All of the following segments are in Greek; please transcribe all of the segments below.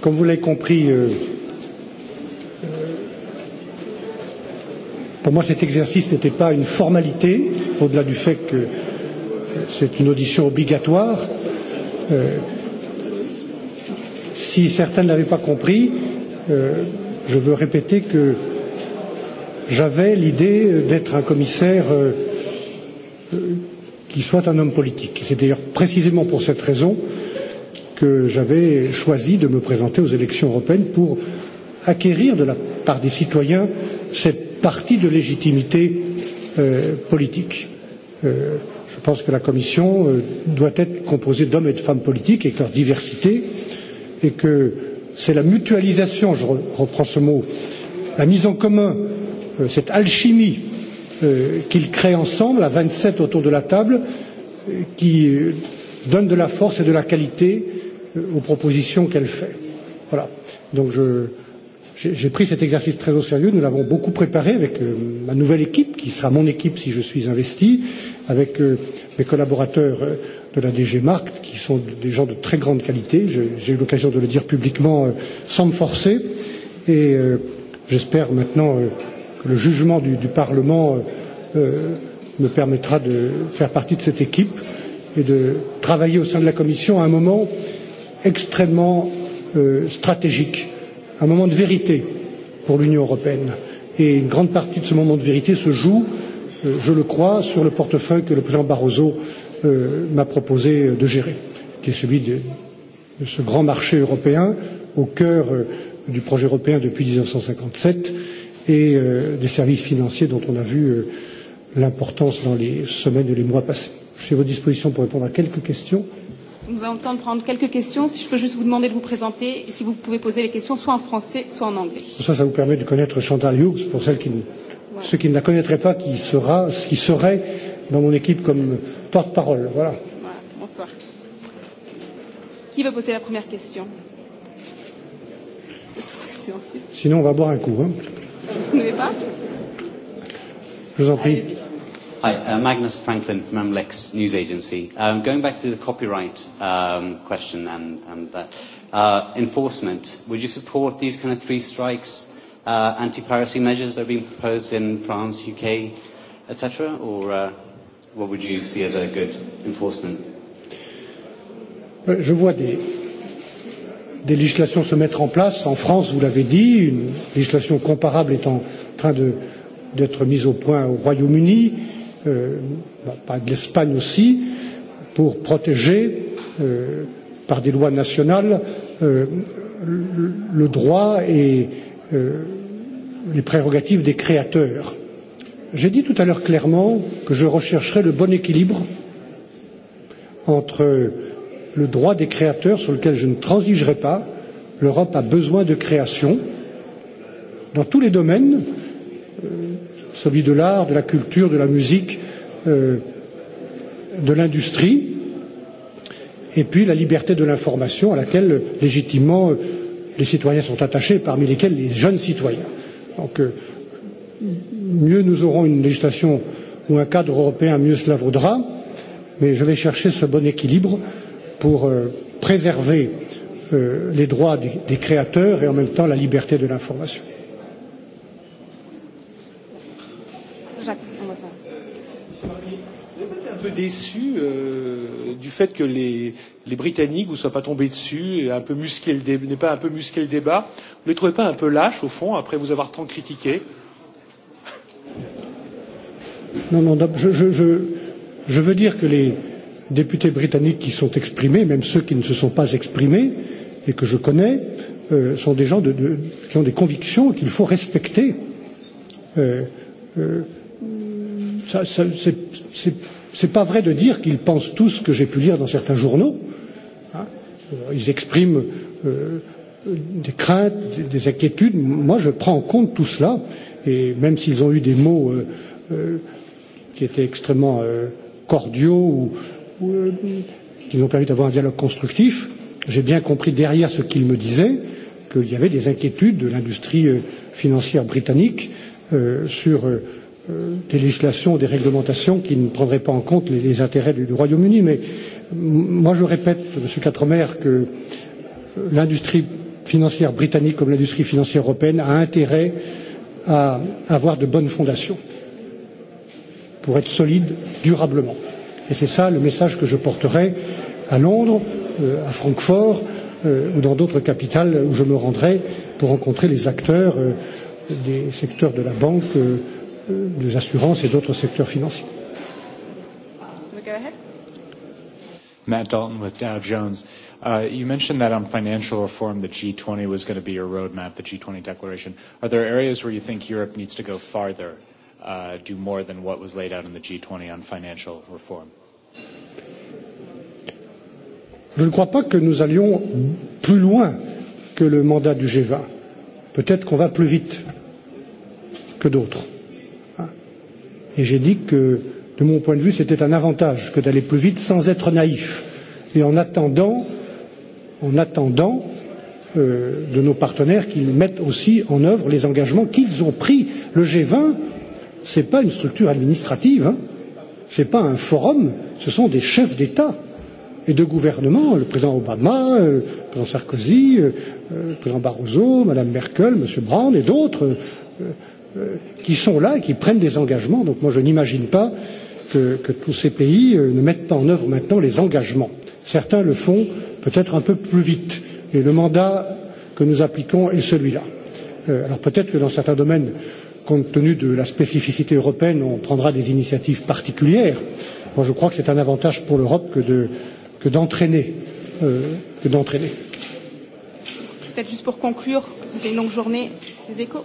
Comme vous l'avez compris, pour moi cet exercice n'était pas une formalité, au-delà du fait que c'est une audition obligatoire. Si certains ne l'avaient pas compris, je veux répéter que j'avais l'idée d'être un commissaire qui soit un homme politique. C'est d'ailleurs précisément pour cette raison que j'avais choisi de me présenter aux élections européennes pour acquérir de la part des citoyens cette partie de légitimité politique. Je pense que la Commission doit être composée d'hommes et de femmes politiques avec leur diversité et que c'est la mutualisation, je reprends ce mot, la mise en commun, cette alchimie qu'ils créent ensemble, à 27 autour de la table, qui donne de la force et de la qualité aux propositions qu'elle fait. Voilà. Donc je j'ai pris cet exercice très au sérieux, nous l'avons beaucoup préparé avec ma nouvelle équipe, qui sera mon équipe si je suis investi, avec mes collaborateurs de la DG Markt, qui sont des gens de très grande qualité, j'ai eu l'occasion de le dire publiquement sans me forcer, et j'espère maintenant que le jugement du Parlement me permettra de faire partie de cette équipe et de travailler au sein de la Commission à un moment extrêmement stratégique, un moment de vérité pour l'Union européenne. Et une grande partie de ce moment de vérité se joue, je le crois, sur le portefeuille que le président Barroso m'a proposé de gérer, qui est celui de ce grand marché européen au cœur du projet européen depuis 1957 et des services financiers dont on a vu l'importance dans les semaines et les mois passés. Je suis à votre disposition pour répondre à quelques questions nous avons le temps de prendre quelques questions. Si je peux juste vous demander de vous présenter et si vous pouvez poser les questions soit en français, soit en anglais. Ça, ça vous permet de connaître Chantal Hughes, pour celles qui, ceux qui ne la connaîtraient pas, qui, sera, ce qui serait dans mon équipe comme porte-parole. Voilà. Bonsoir. Qui veut poser la première question Sinon, on va boire un coup. Hein. Vous ne voulez pas Je vous en prie. Hi, Magnus Franklin from MLEX News Agency. Going back to the copyright question and that enforcement, would you support these kind of three strikes, anti-piracy measures that are being proposed in France, UK, etc., or what would you see as a good enforcement? Je vois des des législations se mettre en place. En France, vous l'avez dit, une législation comparable est en train d'être mise au point au Royaume-Uni l'Espagne aussi, pour protéger par des lois nationales le droit et les prérogatives des créateurs. J'ai dit tout à l'heure clairement que je rechercherais le bon équilibre entre le droit des créateurs sur lequel je ne transigerai pas. L'Europe a besoin de création dans tous les domaines celui de l'art, de la culture, de la musique, de l'industrie, et puis la liberté de l'information à laquelle, légitimement, les citoyens sont attachés, parmi lesquels les jeunes citoyens. Donc, mieux nous aurons une législation ou un cadre européen, mieux cela vaudra, mais je vais chercher ce bon équilibre pour préserver les droits des créateurs et en même temps la liberté de l'information. déçu du fait que les Britanniques ne vous soient pas tombés dessus et un peu musqué pas un peu musqué le débat. Vous ne les trouvez pas un peu lâches, au fond, après vous avoir tant critiqué Non, non, je, je, je, je veux dire que les députés britanniques qui sont exprimés, même ceux qui ne se sont pas exprimés et que je connais, sont des gens de, de, qui ont des convictions qu'il faut respecter. Euh, euh, ça, ça, c'est Ce n'est pas vrai de dire qu'ils pensent tous ce que j'ai pu lire dans certains journaux. Ils expriment des craintes, des inquiétudes. Moi, je prends en compte tout cela. Et même s'ils ont eu des mots qui étaient extrêmement cordiaux ou qui nous ont permis d'avoir un dialogue constructif, j'ai bien compris derrière ce qu'ils me disaient qu'il y avait des inquiétudes de l'industrie financière britannique sur des législations, des réglementations qui ne prendraient pas en compte les intérêts du Royaume-Uni. Mais moi, je répète, Monsieur Quatremer, que l'industrie financière britannique comme l'industrie financière européenne a intérêt à avoir de bonnes fondations pour être solide durablement. Et c'est ça le message que je porterai à Londres, à Francfort ou dans d'autres capitales où je me rendrai pour rencontrer les acteurs des secteurs de la banque des assurances et d'autres secteurs financiers. Matt Dalton with Dow Jones. You mentioned that on financial reform, the G20 was going to be your roadmap, the G20 declaration. Are there areas where you think Europe needs to go farther, do more than what was laid out in the G20 on financial reform? Je ne crois pas que nous allions plus loin que le mandat du G20. Peut-être qu'on va plus vite que d'autres et j'ai dit que de mon point de vue c'était un avantage que d'aller plus vite sans être naïf et en attendant en attendant de nos partenaires qu'ils mettent aussi en œuvre les engagements qu'ils ont pris le G20 ce n'est pas une structure administrative ce n'est pas un forum ce sont des chefs d'état et de gouvernement le président Obama le président Sarkozy le président Barroso madame Merkel M Brown et d'autres qui sont là et qui prennent des engagements. Donc moi, je n'imagine pas que tous ces pays ne mettent pas en œuvre maintenant les engagements. Certains le font peut-être un peu plus vite. et le mandat que nous appliquons est celui-là. Alors peut-être que dans certains domaines, compte tenu de la spécificité européenne, on prendra des initiatives particulières. Moi, je crois que c'est un avantage pour l'Europe que d'entraîner. Peut-être juste pour conclure, c'était une longue journée, les échos.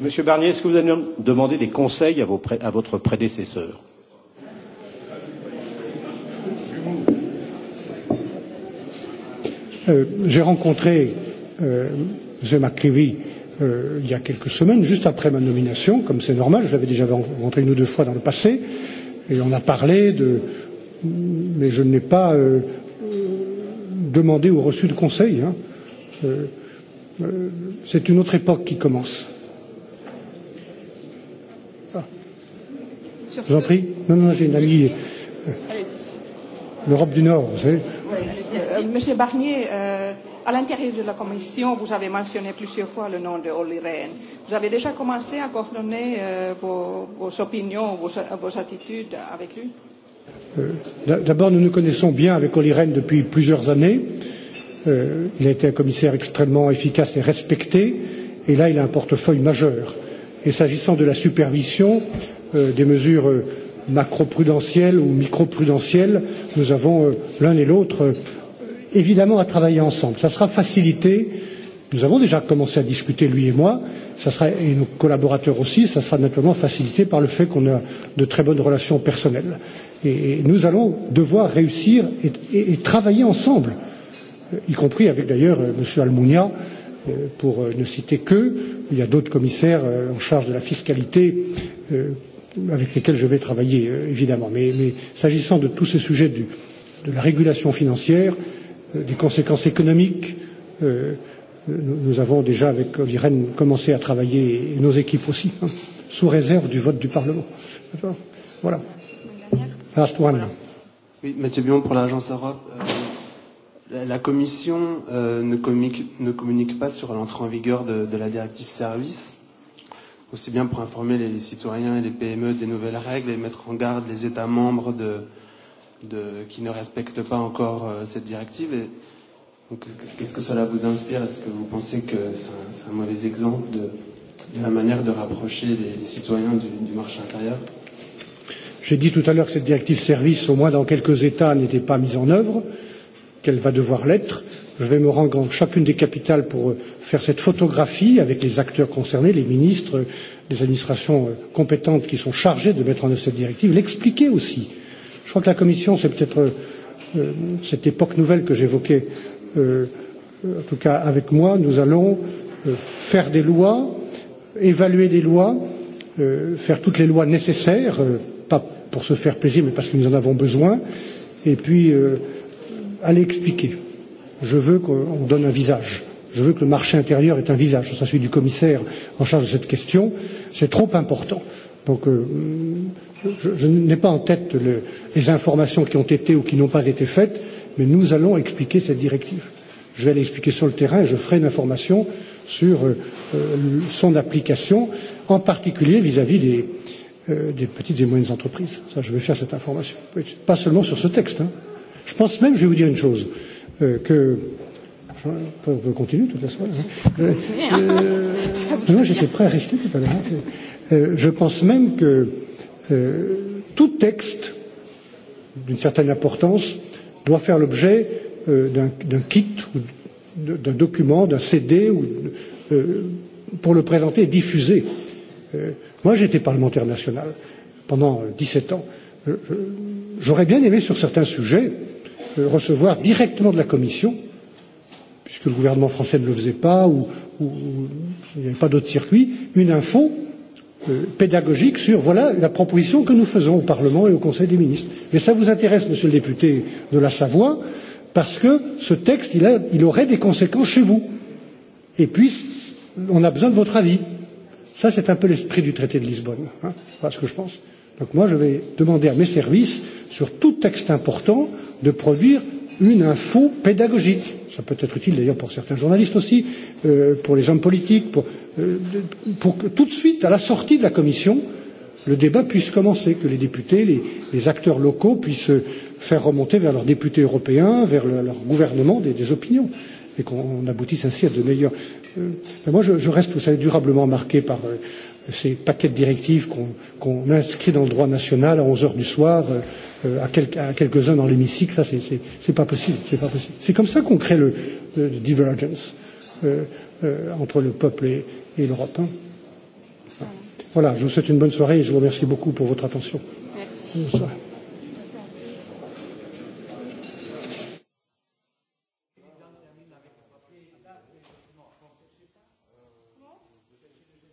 Monsieur Barnier, est-ce que vous avez demander des conseils à, vos, à votre prédécesseur J'ai rencontré euh, M. McCreevy euh, il y a quelques semaines, juste après ma nomination, comme c'est normal, je l'avais déjà rencontré une ou deux fois dans le passé, et on a parlé de... Mais je n'ai pas euh, demandé ou reçu de conseil. Hein. Euh, c'est une autre époque qui commence Je vous en prie. Non, non, j'ai une amie. L'Europe du Nord, vous savez. Monsieur Barnier, à l'intérieur de la Commission, vous avez mentionné plusieurs fois le nom de Olli Rehn. Vous avez déjà commencé à coordonner vos, opinions, vos, attitudes avec lui D'abord, nous nous connaissons bien avec Olli Rehn depuis plusieurs années. Il a été un commissaire extrêmement efficace et respecté. Et là, il a un portefeuille majeur. Et s'agissant de la supervision, des mesures macroprudentielles ou microprudentielles, nous avons l'un et l'autre évidemment à travailler ensemble. Ça sera facilité. Nous avons déjà commencé à discuter, lui et moi, et nos collaborateurs aussi. Ça sera naturellement facilité par le fait qu'on a de très bonnes relations personnelles. Et nous allons devoir réussir et travailler ensemble, y compris avec d'ailleurs M. Almunia, pour ne citer qu'eux. Il y a d'autres commissaires en charge de la fiscalité avec lesquels je vais travailler, évidemment. Mais s'agissant de tous ces sujets de la régulation financière, des conséquences économiques, nous avons déjà, avec Olli commencé à travailler, et nos équipes aussi, sous réserve du vote du Parlement. Voilà. Last one. Oui, Mathieu Bion pour l'Agence Europe. La Commission ne communique pas sur l'entrée en vigueur de la directive Service aussi bien pour informer les citoyens et les PME des nouvelles règles et mettre en garde les États membres de, de, qui ne respectent pas encore cette directive. Qu'est-ce que cela vous inspire Est-ce que vous pensez que c'est un, mauvais exemple de, de la manière de rapprocher les, citoyens du, du marché intérieur J'ai dit tout à l'heure que cette directive service, au moins dans quelques États, n'était pas mise en œuvre, qu'elle va devoir l'être Je vais me rendre dans chacune des capitales pour faire cette photographie avec les acteurs concernés, les ministres, les administrations compétentes qui sont chargées de mettre en œuvre cette directive, l'expliquer aussi. Je crois que la Commission, c'est peut-être cette époque nouvelle que j'évoquais, en tout cas avec moi, nous allons faire des lois, évaluer des lois, faire toutes les lois nécessaires, pas pour se faire plaisir, mais parce que nous en avons besoin, et puis aller expliquer je veux qu'on donne un visage. Je veux que le marché intérieur ait un visage. Ce sera celui du commissaire en charge de cette question. C'est trop important. Donc, je n'ai pas en tête les informations qui ont été ou qui n'ont pas été faites, mais nous allons expliquer cette directive. Je vais l'expliquer sur le terrain et je ferai une information sur son application, en particulier vis-à-vis des des petites et moyennes entreprises. Ça, je vais faire cette information. Pas seulement sur ce texte. Je pense même, je vais vous dire une chose, que on continuer toute la soirée. non, j'étais prêt à rester tout à l'heure. Je pense même que tout texte d'une certaine importance doit faire l'objet d'un kit, d'un document, d'un CD ou pour le présenter et diffuser. Moi, j'étais parlementaire national pendant 17 ans. J'aurais bien aimé sur certains sujets recevoir directement de la Commission, puisque le gouvernement français ne le faisait pas ou il n'y avait pas d'autre circuit, une info pédagogique sur voilà la proposition que nous faisons au Parlement et au Conseil des ministres. Mais ça vous intéresse, monsieur le député de la Savoie, parce que ce texte, il aurait des conséquences chez vous. Et puis, on a besoin de votre avis. Ça, c'est un peu l'esprit du traité de Lisbonne. Voilà ce que je pense. Donc moi, je vais demander à mes services, sur tout texte important, de produire une info pédagogique. Ça peut être utile d'ailleurs pour certains journalistes aussi, pour les hommes politiques, pour que tout de suite, à la sortie de la commission, le débat puisse commencer, que les députés, les acteurs locaux puissent faire remonter vers leurs députés européens, vers leur gouvernement des opinions et qu'on aboutisse ainsi à de meilleurs. Moi, je reste, vous savez, durablement marqué par ces paquets de directives qu'on inscrit dans le droit national à 11 heures du soir à quelques-uns dans l'hémicycle. Ça, c'est pas possible. C'est comme ça qu'on crée le divergence entre le peuple et l'Europe. Voilà, je vous souhaite une bonne soirée et je vous remercie beaucoup pour votre attention. Bonne soirée.